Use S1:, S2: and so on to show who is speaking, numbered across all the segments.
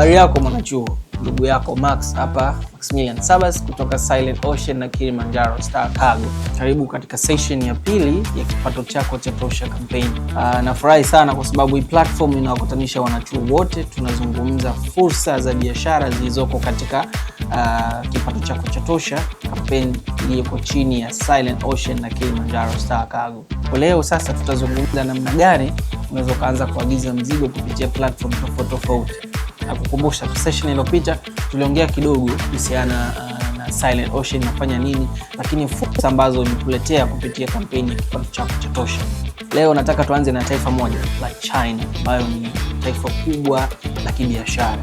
S1: Habari yako mwanachuo, ndugu yako Max hapa, Maximilian Sabas kutoka Silent Ocean na Kilimanjaro Star Cargo. Karibu katika session ya pili ya kipato chako cha tosha campaign. Ah, nafurahi sana kwa sababu hii platform inawakutanisha wanachuo wote, tunazungumza fursa za biashara zilizoko katika Uh, kipato chako cha tosha campaign iliyoko chini ya Silent Ocean na Kilimanjaro Star Cargo. Kwa leo sasa tutazungumza namna gani unaweza ukaanza kuagiza mzigo kupitia platform tofauti tofauti. Nakukumbusha session iliyopita tuliongea kidogo kuhusiana uh, na Silent Ocean inafanya nini, lakini fursa ambazo imekuletea kupitia kampeni ya kipato chako cha tosha. Leo nataka tuanze na taifa moja la like China ambayo ni taifa kubwa la kibiashara.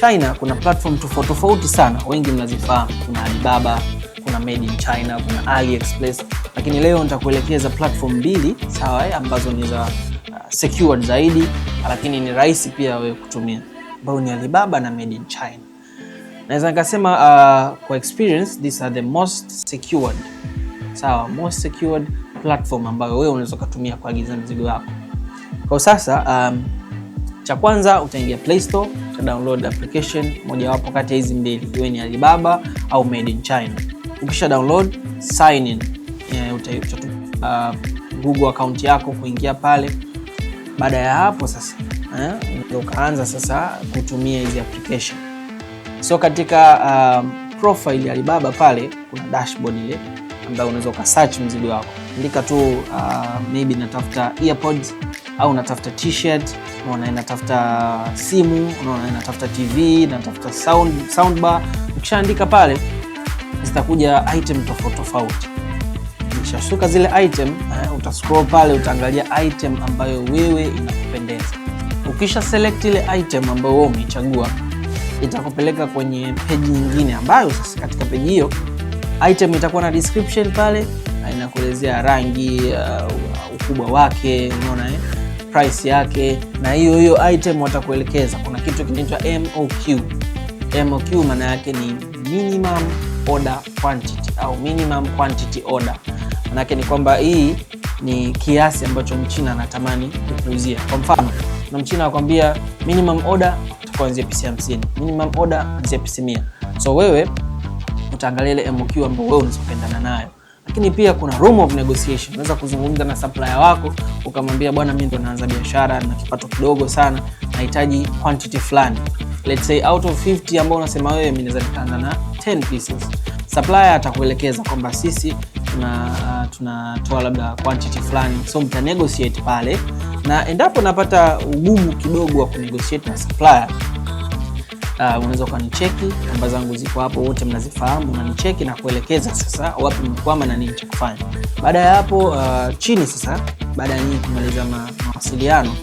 S1: China kuna platform tofauti tofauti sana, wengi mnazifahamu. Kuna Alibaba, kuna Made in China, kuna AliExpress, lakini leo nitakuelekeza platform mbili sawa, ambazo ni za uh, secured zaidi, lakini ni rahisi pia wewe kutumia ambayo ni Alibaba na made in China. Naweza nikasema uh, kwa experience these are the most secured, sawa, most secured platform ambayo wewe unaweza kutumia kuagiza mzigo wako. Kwa sasa um, cha kwanza utaingia Play Store, uta download application mojawapo kati ya hizi mbili, iwe ni Alibaba au made in China. Ukisha download sign in yeah, uta, uta, uh, Google account yako kuingia pale. Baada ya hapo sasa eh, ukaanza sasa kutumia hizi application. So katika uh, profile ya Alibaba pale kuna dashboard ile ambayo unaweza ukasearch mzigo wako, andika tu uh, maybe natafuta earpods au natafuta t-shirt, unaona natafuta simu, unaona natafuta TV, natafuta sound, soundbar. Ukishaandika pale zitakuja item tofauti tofauti. Ukishashuka zile item uh, eh, utascroll pale utaangalia item ambayo wewe inakupendeza. Ukisha select ile item ambayo wewe umeichagua, itakupeleka kwenye peji nyingine, ambayo sasa katika peji hiyo item itakuwa na description pale, inakuelezea rangi, uh, ukubwa wake, unaona eh, price yake, na hiyo hiyo item watakuelekeza kuna kitu kinaitwa MOQ. MOQ maana yake ni minimum order quantity au minimum quantity order. Maana yake ni kwamba hii ni kiasi ambacho mchina anatamani kukuuzia. Kwa mfano na mchina akwambia minimum order kuanzia pc 50, minimum order kuanzia pc mia So wewe utaangalia ile MOQ ambayo wewe unazopendana nayo, lakini pia kuna room of negotiation. Unaweza kuzungumza na supplier wako ukamwambia, bwana, mimi ndo naanza biashara na kipato kidogo sana, nahitaji quantity fulani, let's say out of 50 ambao unasema wewe, mimi naweza nikaanza na 10 pieces. Supplier atakuelekeza kwamba sisi tunatoa tuna labda quantity fulani, so mta negotiate pale na endapo napata ugumu kidogo wa kunegotiate na supplier Uh, unaweza ukanicheki, namba zangu ziko hapo, wote mnazifahamu, unanicheki na kuelekeza sasa wapi mkwama na nini cha kufanya. Baada ya hapo uh, chini sasa, baada ya nini kumaliza ma, mawasiliano,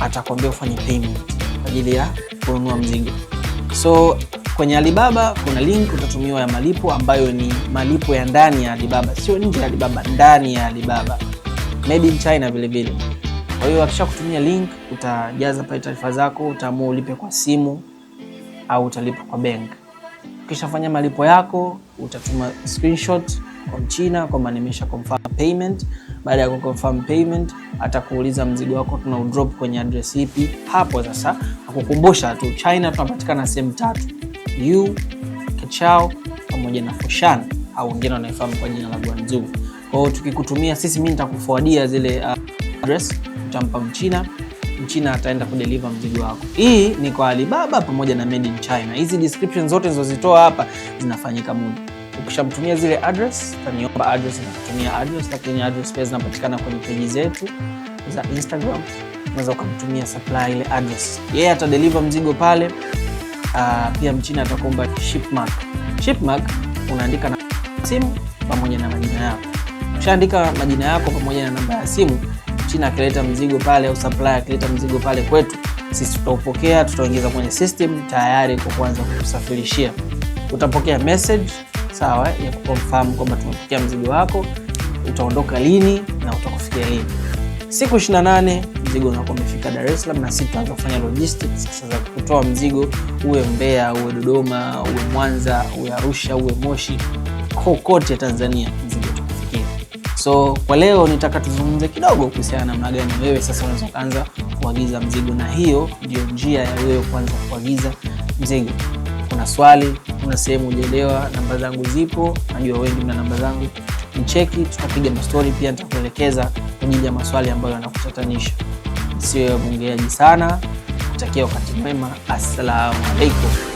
S1: atakwambia ufanye payment kwa ajili ya kununua mzigo. So kwenye Alibaba kuna link utatumiwa ya malipo ambayo ni malipo ya ndani ya Alibaba, sio nje ya Alibaba, ndani ya Alibaba, made in China vilevile. Kwa hiyo akisha kutumia link, utajaza pale taarifa zako, utaamua ulipe kwa simu au utalipa kwa bank. Ukishafanya malipo yako, utatuma screenshot kwa mchina kwamba nimesha confirm payment. Baada ya kuconfirm payment, atakuuliza mzigo wako tuna udrop kwenye address ipi. Hapo sasa akukumbusha tu, China tunapatikana sehemu tatu: Yu, Kachao pamoja na Foshan au wengine wanaifahamu kwa jina la Guangzhou. Kwa hiyo tukikutumia sisi, mimi nitakufuadia zile uh, address utampa Mchina, Mchina ataenda kudeliver mzigo wako. Hii ni kwa Alibaba pamoja na Made in China. Hizi description zote nilizozitoa hapa zinafanyika muda. Ukishamtumia zile address, utaniomba address na kutumia address, lakini address pia zinapatikana kwenye peji zetu za Instagram. Unaweza ukamtumia supply ile address. Yeye yeah, atadeliver mzigo pale. Uh, pia Mchina atakuomba shipmark. Shipmark unaandika na simu pamoja na majina yako. Ukishaandika majina yako pamoja na namba ya simu China akileta mzigo pale au supplier akileta mzigo pale kwetu, sisi tutaupokea, tutaongeza kwenye system tayari kwa kuanza kusafirishia. Utapokea message sawa ya kuconfirm kwamba tumepokea mzigo wako, utaondoka lini na utakufikia lini. Siku 28 mzigo unakuwa umefika Dar es Salaam, na sisi tunaanza kufanya logistics sasa za kutoa mzigo uwe Mbeya, uwe Dodoma, uwe Mwanza, uwe Arusha, uwe Moshi, kokote Tanzania mzigo So kwa leo nitaka tuzungumze kidogo kuhusiana na namna gani wewe sasa unaweza kuanza kuagiza mzigo, na hiyo ndio njia ya wewe kuanza kuagiza mzigo. Kuna swali, kuna sehemu hujaelewa, namba zangu zipo, najua wengi mna namba zangu, nicheki, tutapiga mastori, pia nitakuelekeza kwa ajili ya maswali ambayo yanakutatanisha. Sio mwongeaji sana, kutakia wakati mwema, assalamu alaikum.